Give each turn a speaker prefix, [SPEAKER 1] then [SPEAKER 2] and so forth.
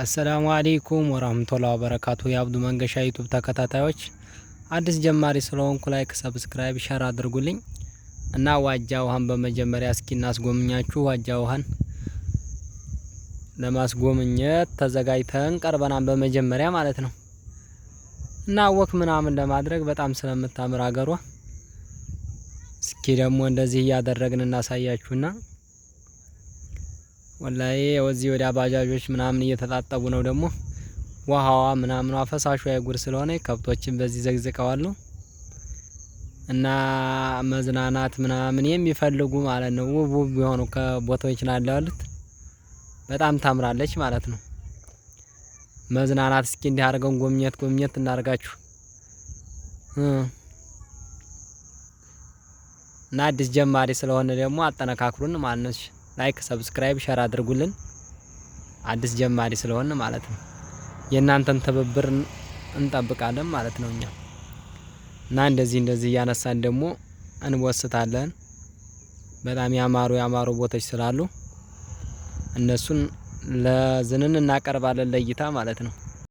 [SPEAKER 1] አሰላሙ አሌይኩም ወራህመቱላሂ ወበረካቱ። የአብዱ መንገሻ ዩቱብ ተከታታዮች አዲስ ጀማሪ ስለሆንኩ ላይክ፣ ሰብስክራይብ፣ ሸር አድርጉልኝ እና ዋጃ ውሃን በመጀመሪያ እስኪ እናስጎብኛችሁ። ዋጃ ውሃን ለማስጎምኘት ተዘጋጅተን ቀርበናን በመጀመሪያ ማለት ነው እና ወክ ምናምን ለማድረግ በጣም ስለምታምር ሀገሯ እስኪ ደግሞ እንደዚህ እያደረግን እናሳያችሁና ወላሂ ወዚህ ወዲያ ባጃጆች ምናምን እየተጣጠቡ ነው። ደግሞ ውሃዋ ምናምኗ ፈሳሿ አይጉር ስለሆነ ከብቶችን በዚህ ዘግዝቀዋለሁ እና መዝናናት ምናምን የሚፈልጉ ማለት ነው። ውብ ውብ የሆኑ ከቦታዎች ናለ ያሉት በጣም ታምራለች ማለት ነው። መዝናናት እስኪ እንዲህ አድርገን ጎብኘት ጎብኘት እናርጋችሁ እና አዲስ ጀማሪ ስለሆነ ደግሞ አጠነካክሩን ማለት ነው። ላይክ፣ ሰብስክራይብ፣ ሸር አድርጉልን። አዲስ ጀማሪ ስለሆነ ማለት ነው የእናንተን ትብብር እንጠብቃለን ማለት ነው እኛ እና እንደዚህ እንደዚህ እያነሳን ደግሞ እንወስታለን። በጣም ያማሩ ያማሩ ቦታዎች ስላሉ እነሱን ለዝንን እናቀርባለን ለእይታ ማለት ነው።